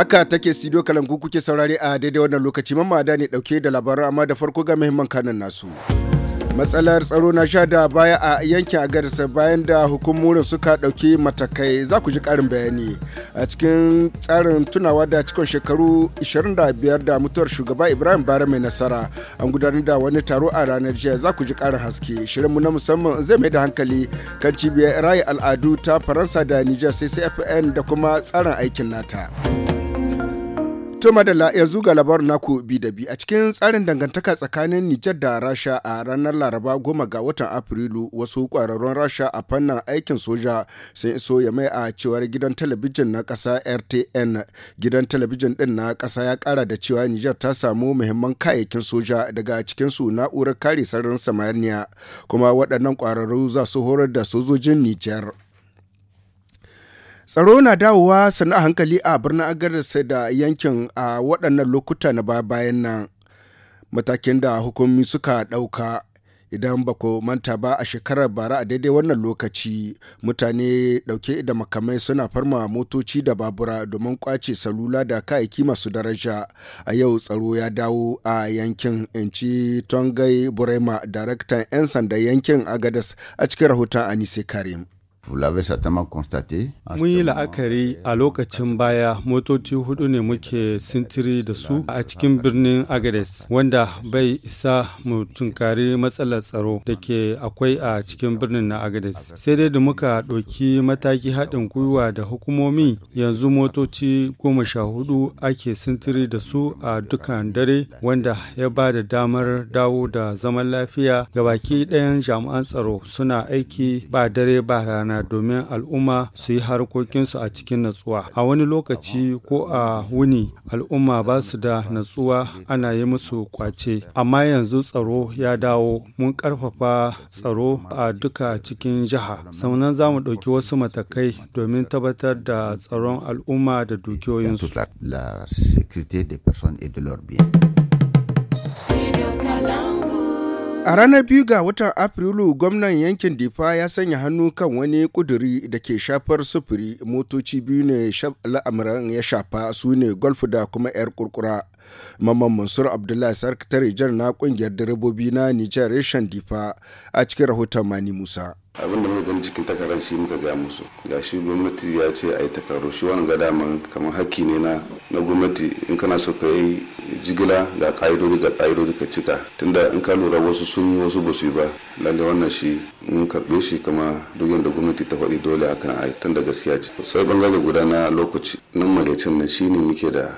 Haka take studio kalangu kuke saurare a daidai wannan lokaci mamma da ne dauke da labaran amma da farko ga muhimman kanan nasu. matsalar tsaro na sha da baya a yankin agarsa bayan da hukumomin suka dauki matakai za ku ji karin bayani a cikin tsarin tunawa da cikin shekaru 25 da mutuwar shugaba ibrahim bara mai nasara an gudanar da wani taro a ranar jiya za ku ji karin haske shirinmu na musamman zai mai da hankali kan cibiyar rayu al'adu ta faransa da niger ccfn da kuma tsarin aikin nata. To da yanzu ga labarin naku bi da bi a cikin tsarin dangantaka tsakanin Nijar da Rasha a ranar Laraba goma ga watan Afrilu wasu kwararrun Rasha a fannin aikin soja sun iso ya mai a cewar gidan talabijin na ƙasa RTN. Gidan talabijin ɗin na ƙasa ya ƙara da cewa Nijar ta samu muhimman kayayyakin soja daga cikinsu na'urar kare sararin samaniya kuma waɗannan kwararru za su horar da sojojin Nijar. Tsaro na dawowa sannu a hankali a birnin Agadez da yankin a waɗannan lokuta na bayan nan matakin da hukumi suka ɗauka. idan ba ku manta ba a shekarar bara a daidai wannan lokaci mutane ɗauke da makamai suna farma motoci da babura domin kwace salula da kayayyaki masu daraja a yau tsaro ya dawo a yankin inci tongai burema daraktan 'yan sanda yankin agadas a cikin rahoton anise karim Mun yi la'akari a lokacin baya motoci hudu ne muke sintiri da su a cikin birnin Agades wanda bai isa mu tunkari matsalar tsaro da ke akwai a cikin birnin na Agades. Sai dai da muka ɗauki mataki haɗin gwiwa da hukumomi yanzu motoci goma sha hudu ake sintiri da su a dukkan dare wanda ya ba da damar dawo da zaman lafiya ga baki ɗayan jami'an tsaro suna aiki ba dare ba rana. rana domin al'umma su yi harkokinsu a cikin natsuwa. A wani lokaci ko a wuni al'umma ba su da natsuwa ana yi musu kwace. Amma yanzu tsaro ya dawo mun karfafa tsaro a duka cikin jiha. Sannan za mu ɗauki wasu matakai domin tabbatar da tsaron al'umma da dukiyoyinsu. A ranar biyu ga watan Afrilu, gwamnan yankin Difa ya sanya hannu kan wani kuduri da ke shafar sufuri motoci biyu ne la'amuran ya shafa su ne golf da kuma 'yar kurkura. Mamman Mansur Abdullahi Sarkatare jan na kungiyar direbobi na Nijar Reshen Difa a cikin rahoton Mani Musa. da muka gani cikin takarar shi muka gaya musu ga shi gwamnati ya ce a yi takaru shi wani ga daman kamar hakki ne na na gwamnati in kana so ka yi jigila ga ƙa'idodi ga ƙa'idodi ka cika tunda in ka lura wasu sun yi wasu ba su yi ba lalle wannan shi in karɓe shi kama duk yadda gwamnati ta faɗi dole a kan tun tunda gaskiya ce sai bangare guda na lokaci nan magacin nan shine muke da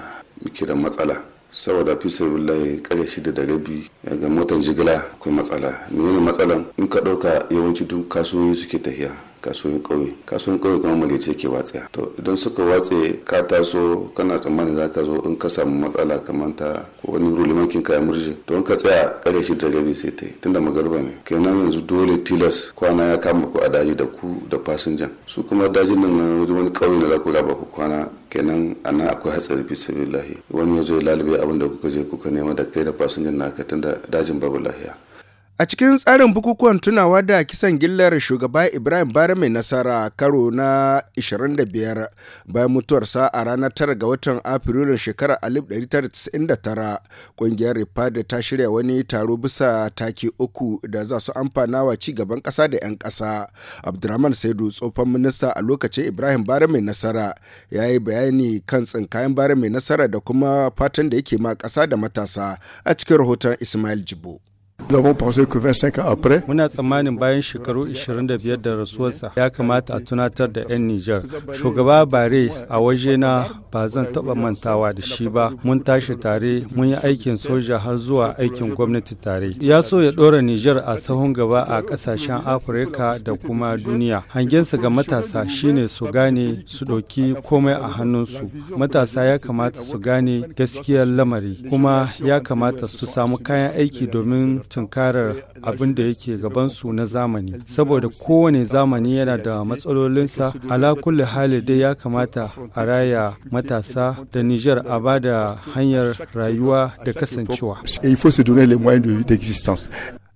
muke da matsala saboda fisa billahi kare shi da rabi ga motar jigila akwai matsala menene matsalan in ka ɗauka yawanci duk kasuwoyi suke tafiya kasuwan kauye kasuwan kauye kuma malice ke watsa to idan suka watse ka taso kana tsammanin za ka zo in ka samu matsala kamar ta ko wani kin kayan murje to in ka tsaya kare shi da rabi sai ta yi tunda magarba ne kenan yanzu dole tilas kwana ya kama ku a daji da ku da fasinjan su kuma dajin nan na wajen wani kauye da za ku raba ku kwana kenan a akwai hatsari fi sabilillahi wani ya zo ya lalube abin da kuka je kuka nema da kai da fasinjan naka tunda dajin babu lahiya A cikin tsarin bukukuwan tunawa da kisan gillar shugaba Ibrahim Bara mai nasara karo na 25 bayan mutuwarsa a ranar 9 ga watan Afrilun shekarar 1999 kungiyar da ta shirya wani taro bisa take uku da za su amfana wa ci gaban ƙasa da 'yan ƙasa. Abdurrahman Saidu tsofan minista a lokacin Ibrahim Bara mai nasara ya yi bayani kan tsinkayen Bara mai nasara da kuma fatan da yake ma ƙasa da matasa a cikin rahoton Ismail Jibo. Muna tsammanin bayan shekaru 25 da rasuwarsa ya kamata a tunatar da 'yan Nijar. Shugaba Bare a waje na ba zan taɓa mantawa da shi ba. Mun tashi tare, mun yi aikin soja har zuwa aikin gwamnati tare. Ya so ya ɗora Nijar a sahun gaba a ƙasashen Afirka da kuma duniya. Hangensa ga matasa shine su gane su ɗauki komai a hannun su Matasa ya kamata su gane gaskiyar lamari kuma ya kamata su samu kayan aiki domin tun tunkarar abin da yake gabansu na zamani saboda kowane zamani yana da matsalolinsa alakulli hali dai ya kamata a raya matasa da Nijar a ba da hanyar rayuwa da kasancewa.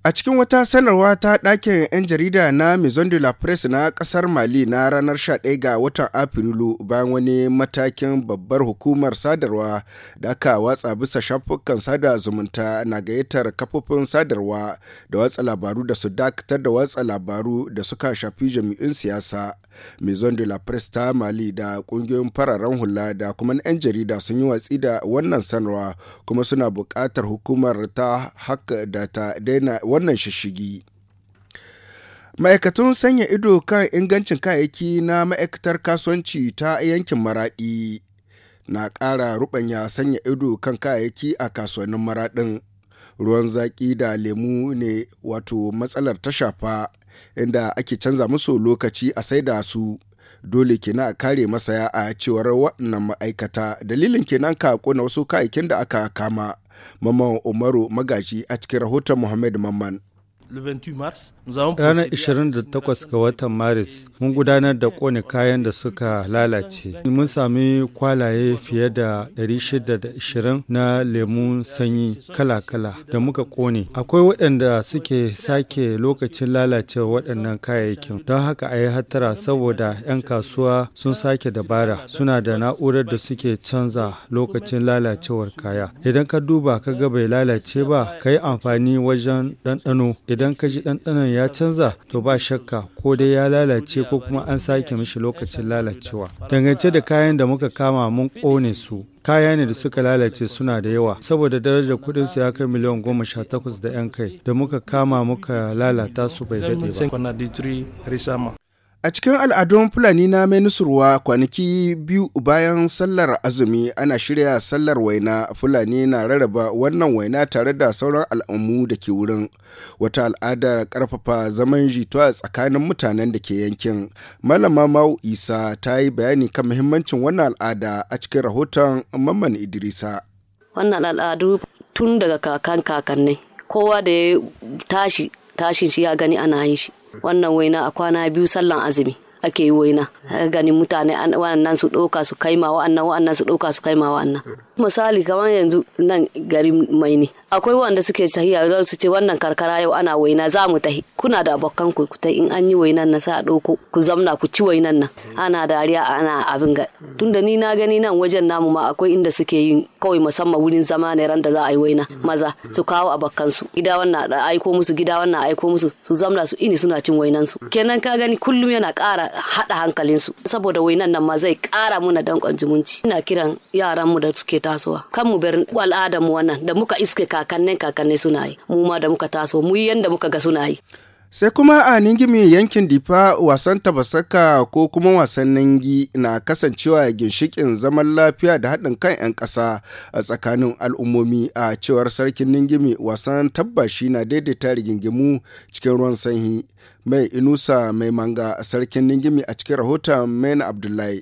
A cikin wata sanarwa ta ɗakin 'yan jarida na Maison de la Presse na ƙasar Mali na ranar 11 ga watan Afrilu bayan wani matakin babbar hukumar sadarwa da aka watsa bisa shafukan sada zumunta na gayyatar kafofin sadarwa da watsa labaru da su dakatar da watsa labaru da suka shafi jami'in siyasa maison de la presse ta mali da kungiyoyin fararen hula da kuma 'yan jarida sun yi watsi da wannan sanarwa kuma suna buƙatar hukumar ta haka da ta daina wannan shishigi. ma'aikatun sanya ido kan ingancin kayayyaki na ma'aikatar kasuwanci ta yankin maraɗi na ƙara ruɓanya sanya ido kan kayayyaki a kasuwannin maraɗin ruwan zaƙi da lemu ne wato matsalar ta shafa inda ake canza musu lokaci a saida su dole kenan a kare masaya a cewar waɗannan ma'aikata dalilin kenan ka kona wasu kayakin da aka kama mamman umaru magaji a cikin rahoton muhammad mamman Ranar 28 ga watan Maris mun gudanar da kone kayan da suka lalace. Mun sami kwalaye fiye da 620 na lemun sanyi kala-kala da muka ƙone Akwai waɗanda suke sake lokacin lalace waɗannan kayayyakin. Don haka a yi hattara saboda 'yan kasuwa sun sake dabara suna da na'urar da suke canza lokacin lalacewar kaya. Idan ka duba ka ga bai lalace ba, ka yi amfani wajen ɗanɗano. Idan ka ji ɗanɗanon ya canza to ba shakka ko dai ya lalace ko kuma an sake mishi lokacin lalacewa dangance da kayan da muka kama mun kone su kaya ne da suka lalace suna da yawa saboda darajar kuɗin su ya kai miliyan goma sha takwas da yan kai da muka kama muka lalata su bai daɗe ba A cikin al'adun Fulani na mai nusurwa kwanaki biyu bayan sallar azumi ana shirya sallar waina Fulani na rarraba wannan waina tare da sauran al'ummu da ke wurin. Wata al'ada karfafa zaman jituwa tsakanin mutanen da ke yankin. Malama Mau Isa ta yi bayani kan muhimmancin wannan al'ada a cikin rahoton Mamman Idrisa. Wannan al'adu tun daga kakan kakanni kowa da ya tashi tashin shi ya gani ana yin shi. wannan waina a kwana biyu sallan azumi ake yi waina ganin mutane wannan su ɗauka su kaimawa wa'annan wa'annan su ɗauka su kaimawa wa'annan misali kamar yanzu nan gari mai ne akwai wanda suke tahiya don su ce wannan karkara yau ana waina za mu tahi kuna da abokan ku in an yi wainan nan sa ɗauko ku zamna ku ci wainan nan ana dariya ana abin ga tunda ni na gani nan wajen namu ma akwai inda suke yin kawai musamman wurin zama ne ran da za a yi waina maza su kawo abokan su gida wannan aiko musu gida wannan aiko musu su zamna su ini suna cin wainan su kenan ka gani kullum yana ƙara haɗa hankalin su saboda wainan nan ma zai ƙara muna danƙon zumunci ina kiran yaran mu da suke tasowa kan mu bar al'adar mu wannan da muka iske kakannin kakannin suna yi mu ma da muka taso mu yanda muka ga suna yi sai kuma a ningimi yankin difa wasan tabasaka ko kuma wasan nangi na kasancewa ginshikin zaman lafiya da haɗin kan 'yan ƙasa a tsakanin al'ummomi a cewar sarkin ningimi wasan tabbashi na daidaita rigingimu cikin ruwan sanyi mai inusa mai manga sarkin ningimi a cikin rahoton maina abdullahi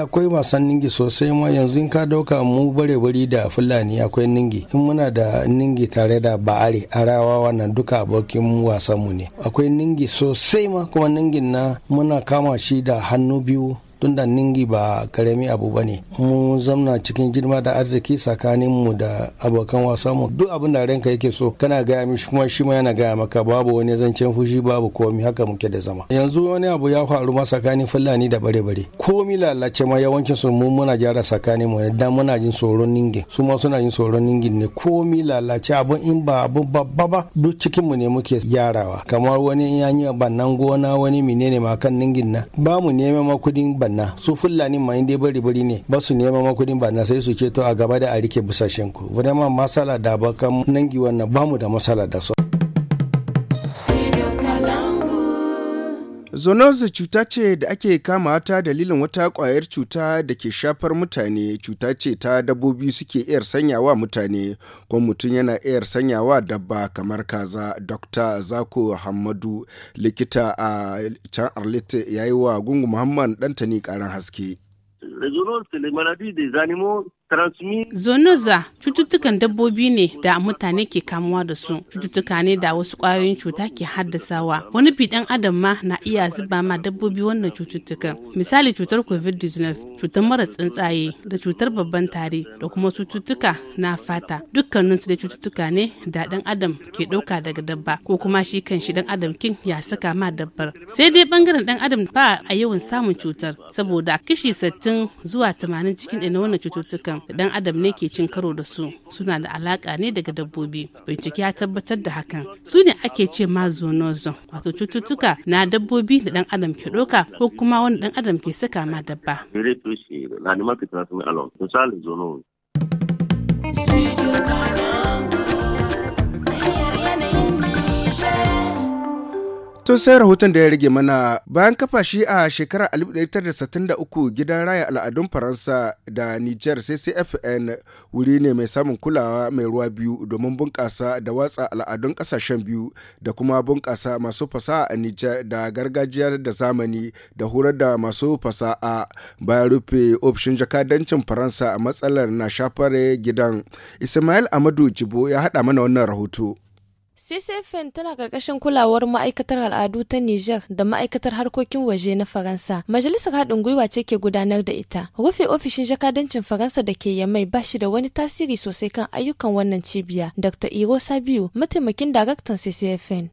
akwai wasan ningi sosai ma yanzu in ka dauka mu bare bari da fulani akwai ningi in muna da ningi tare da ba'are arawa wannan duka abokin wasan mu ne akwai ningi sosai ma kuma ningin na muna kama shi da hannu biyu tunda ningi ba karami abu ba ne mu zamna cikin girma da arziki tsakanin mu da abokan wasa mu duk abin da ranka yake so kana gaya mishi kuma shi ma yana gaya maka babu wani zancen fushi babu komi haka muke da zama yanzu wani abu ya faru ma tsakanin fulani da bare bare komi lalace ma yawancin su mu muna gyara sakanin mu dan muna jin tsoron ningi su ma suna jin tsoron ningi ne komi lalace abun in ba abu babba ba duk cikin mu ne muke gyarawa kamar wani yanyi bannan gona wani menene ma kan ningin na ba mu neman kudin ban na su fulani ma inda bari bari ne ba su nema ma kudin na sai su ce to a gaba da a rike busashen ku vraiment masala da bakan nangi wannan bamu da masala da su Zoonosis cuta ce da ake kama ta dalilin wata ƙwayar cuta da ke shafar mutane, cuta ce ta dabbobi suke iya sanyawa mutane, ko mutum yana iyar sanyawa dabba kamar kaza. Dr. Zako Hamadu, likita a can arlite ya yi wa Gungu Muhammad ne ƙarin haske. Zonoza cututtukan dabbobi ne da mutane ke kamuwa da su, cututtuka ne da wasu ƙwayoyin cuta ke haddasawa. Wani fiɗan adam ma na iya zuba ma dabbobi wannan cututtukan. Misali cutar COVID-19, cutar mara tsuntsaye da cutar babban tare da kuma cututtuka na fata. su da cututtuka ne da ɗan adam ke ɗauka daga dabba ko kuma shi kan shi ɗan adam kin ya saka ma dabbar. Sai dai ɓangaren ɗan adam ba a yawan samun cutar saboda kashi sattin zuwa tamanin cikin ɗin na wannan cututtukan. da dan adam ne ke cin karo da su suna da alaka ne daga dabbobi bincike ya tabbatar da hakan su ne ake ce ma zoonosis wato cututtuka na dabbobi da dan adam ke doka ko kuma wani dan adam ke saka ma dabba. Studio Tun sai rahoton da ya rage mana bayan kafa shi a shekarar 1963 gidan raya al'adun Faransa da Niger CCFN wuri ne mai samun kulawa mai ruwa biyu domin bunƙasa da watsa al'adun ƙasashen biyu da kuma bunƙasa masu fasaha a Niger da gargajiya da zamani da horar da masu fasaha bayan rufe ofishin jakadancin Faransa a matsalar na shafare gidan. Ismail Amadu Jibo ya haɗa mana wannan rahoto. CCFN tana ƙarƙashin kulawar ma'aikatar al'adu ta Niger da ma'aikatar harkokin waje na Faransa. Majalisar haɗin gwiwa ce ke gudanar da ita. Rufe ofishin jakadancin Faransa da ke Yamai ba shi da wani tasiri sosai kan ayyukan wannan cibiya. Dr. Iro Sabiu, mataimakin daraktan CCFN.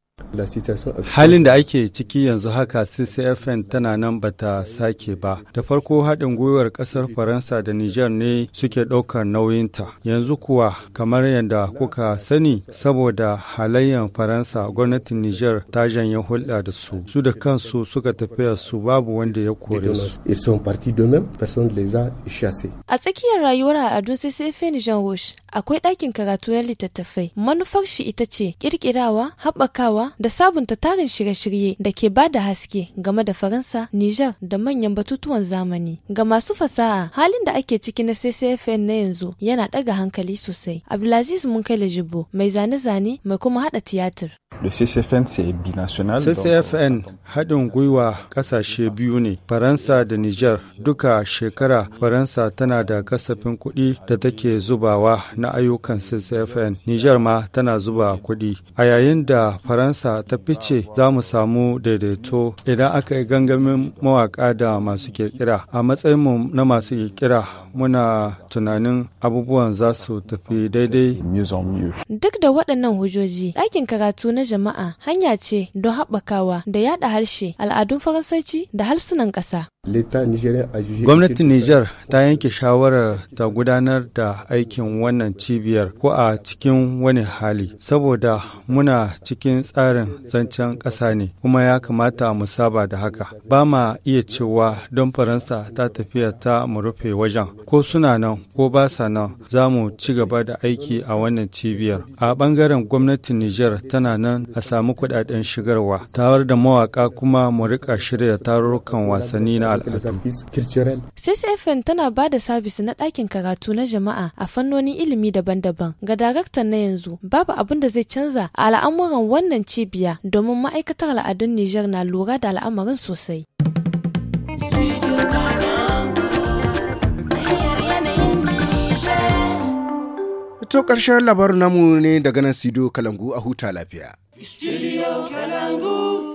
Halin da ake ciki yanzu haka CCFN tana nan bata sake ba. Da farko haɗin gwiwar ƙasar Faransa da niger ne suke ɗaukar nauyinta. Yanzu kuwa kamar yadda kuka sani saboda halayen Faransa gwamnatin niger ta janye hulɗa da su. Su da kansu suka tafiya su babu wanda ya kore su. A tsakiyar rayuwar al'adun CCFN Jean Roche akwai ɗakin karatu na littattafai. Manufar shi ita ce ƙirƙirawa, haɓakawa, da sabunta tarin shirye-shirye da ke ba da haske game da Faransa, Nijar da manyan batutuwan zamani. Ga masu fasaha, halin da ake ciki na CCFN na yanzu yana ɗaga hankali sosai. Abdulaziz Munkaila Jibo, mai zane-zane mai kuma haɗa tiyatir. CCFN haɗin gwiwa ƙasashe biyu ne, Faransa da Nijar duka shekara Faransa tana da kasafin kuɗi da take zubawa na ayyukan CCFN. Nijar ma tana zuba kuɗi. A yayin da Faransa ƙasa ta fice za mu samu daidaito idan aka yi gangamin mawaƙa da masu kirkira. A mu na masu kirkira muna tunanin abubuwan za su tafi daidai. Duk da waɗannan hujjoji, ɗakin karatu na jama'a hanya ce don haɓakawa da yaɗa harshe, al'adun Faransanci da harsunan ƙasa. Gwamnatin Nijar ta yanke shawarar ta gudanar da aikin wannan cibiyar ko a cikin wani hali, saboda muna cikin tsarin zancen ƙasa ne, kuma ya kamata mu saba da haka. Ba ma iya cewa don Faransa ta tafiya ta mu rufe wajen, ko suna nan ko ba sa nan za mu ci gaba da aiki a wannan cibiyar. A ɓangaren gwamnatin Nijar tana nan a samu kuɗaɗen shigarwa, Tawar da mawaƙa kuma mu riƙa shirya tarurrukan wasanni na CCFN tana ba da sabis na ɗakin karatu na jama'a a fannonin ilimi daban-daban. Ga daraktan na yanzu babu abin da zai canza a al'amuran wannan cibiya domin ma'aikatar al'adun Nijar na lura da al'amarin sosai. To ƙarshen labarin namu ne daga nan Sido Kalangu a huta lafiya. Studio Kalangu.